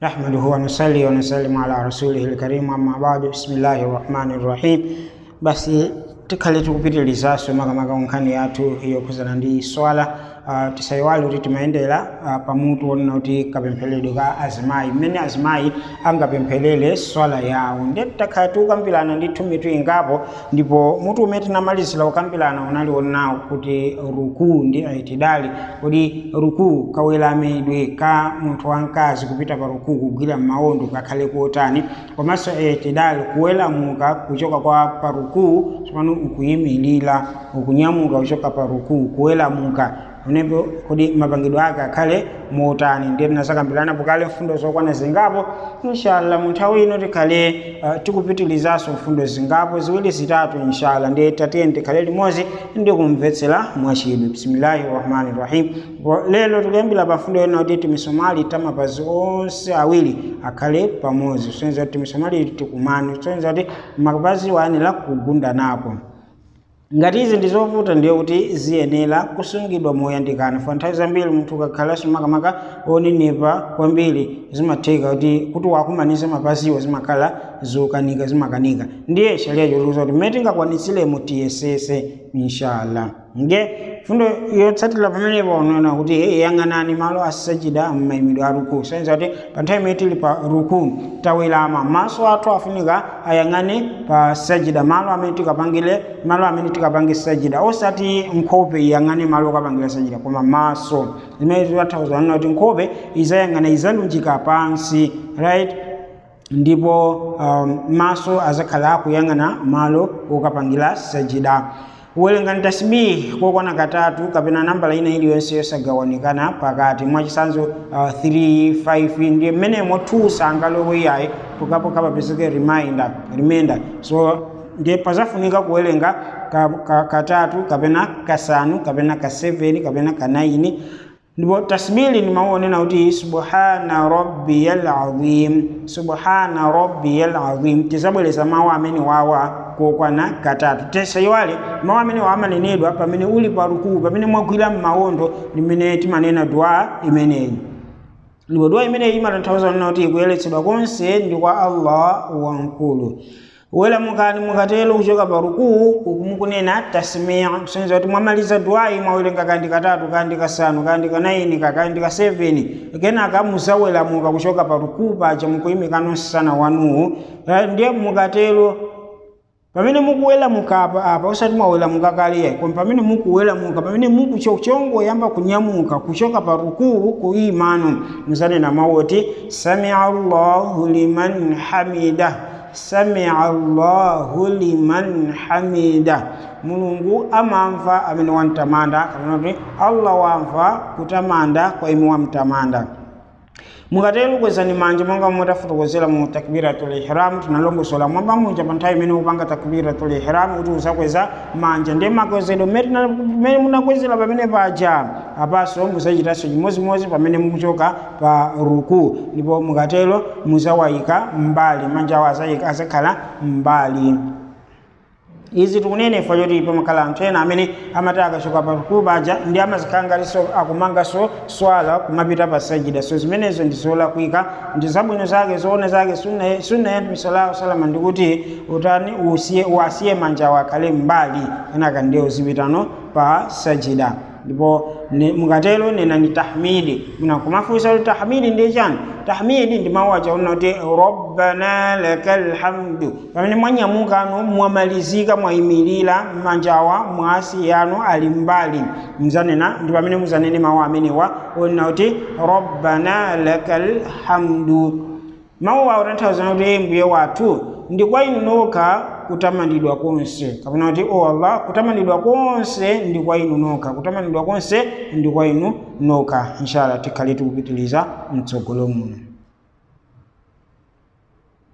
Nahmaduhu wanusali wanusalimu ala rasulihi lkarimu, amma ba'du. Bismillahi rahmani rahim. Basi tikale tukupitilizaso makamaka unkhani yathu yokhuzana ndi swala Ah, tisayiwali kuti timayendera ah, pamutu onena kuti kapempherero ka azimayi mmene azimayi angapempherere swala yawo ndiye takhala tiukambirana ndi thumitu ingapo ndipo mutu umene tinamalizira ukambirana unali onawo kuti ruku ndi aitidali kodi ruku kaweramidwe ka munthu wamkazi kupita pa ruku kugwira m'mawondo kakhale kuotani komanso aitidali kuwelamuka kuchoka kwa pa rukuu pano ukuyimilira ukunyamuka kuchoka pa rukuu kuwelamuka unebo kodi mapangidwe ake akhale muutani ndiye tinasaka mbilana pukale mfundo zokwana zingapo inshallah munthawi ino tikhale uh, tikupitilizaso mfundo zingapo ziwiri zitatu inshallah ndiye tatiye tikhale limodzi ndikumvetsera mwachidwe bismillahi rahmani rahim lero tikuyambira pa mfundo ina kuti timisomali tamapazi onse awiri akhale pamodzi sonza kuti timisomali tikumani sonza kuti mapazi wayenera kugunda napo ngati izi ndizovuta ndiye kuti ziyenera kusungidwa moyandikana nthawi zambiri munthu ukakhalaso simakamaka onenepa kwambiri zimatheka kuti kuti wakumanisa mapasiwo zimakhala zokanika zimakanika ndiye sharia chotuluza kuti mmene tingakwanitsiremo tiyesese inshallah nge fundo yotsatira pamene paonena kuti yang'anani malo asajida m'mayimidwe a ruku senza kuti pa nthawi tili pa ruku tawirama maso athu afunika ayang'ane pa sajida malo amene tikapangire malo amene tikapangire sajida osati nkhope iyang'ane malo okapangire sajida koma maso zimene zatha kuzaonena kuti nkhope izayang'ana izalunjika pansi right ndipo um, maso azakhala akuyang'ana malo okapangira sajida kuwerenga ni tasbihi kokwana katatu kapena nambala ina iliyonse yosagawanikana pakati mwachisanzo 3 uh, 5 ndiye mmenemo tuusanga loko iyayi pokapoka papezeke reminder remainder so ndiye pazafunika kuwerenga ka, ka, katatu kapena kasanu kapena ka 7 kapena ka 9 ndipo tasbihi nimaonena kuti subhana rabbiyal azim subhana rabbiyal azim tisabwereza mawu amene wawa kokwana katatu tese mawu amene amanenedwa pamene uli rukuu pamene mwagwira m'mawondo ndimene timanena dua imeneyi ndipo dua imeneyi imatanthauza nena kuti kuyeretsedwa konse ndi kwa allah wamkulu wala mukani mukatelo kuchoka pa parukuu ukumukunena tasmia kusenza kuti mwamaliza duwayi mwawerenga kandi katatu kandi kasanu kandi kanaini kakandi ka kaseveni kenaka muka kuchoka pa parukuu pacha mukuyimika sana wanuwu eh, ndiye mukatelo pamene mukuwelamuka apa apa usati mwawelamuka kale koma pamene muka pamene mukuchongo yamba kunyamuka kuchoka pa rukuu kuyimano musanena mawoti samia allahu liman hamidah samia allahu liman hamida mulungu amanfa amene wantamanda kamanati allah wamva kutamanda kwa ime wamtamanda mukatelo kwezani manja monga mutafutukozera mu takbiratul ihram tinalongosola mwamba munja pa nthawi imene upanga takbiratul ihram kuti uzakweza manja ndi makwezedwe mmene munakwezera pamene paja apaso muzachitanso chimozimozi pamene mukuchoka pa ruku ndipo mukatelo muzawayika mbali manja awo azakhala mbali izi tikunene ifa choti ipe anthu ena amene amataka chokha pakulu paja ndi amazikangaliso akumangaso swala kumapita pa sajida so zimenezo ndi zolakwika ndi zabwino zake zoona zake sunna ya misalaho salama ndikuti utani usiye uasiye manja wakhale mbali kenaka ndiye uzipitano pa sajida ndipo mukatelo nenani tahmidi munakumafusa kuti tahmidi ndi chani tahmidi ndimawu achaona kuti rabbana lakal hamdu pamene yaani mwanyamukano mwamalizika mwayimirira mmanjawa mwasi yanu ali mbali mzanena ndi pamene muzanene mawu amenewa onena kuti rabbana laka lhamdu mawu awo tanthauza kuti mbuye wathu ndi kwa inu kutamanidwa konse kapena kuti o oh, allah kutamanidwa konse ndi kwa inu noka kutamanidwa konse ndi kwa inu noka inshallah tikhale tikupitiliza mtsogolo muno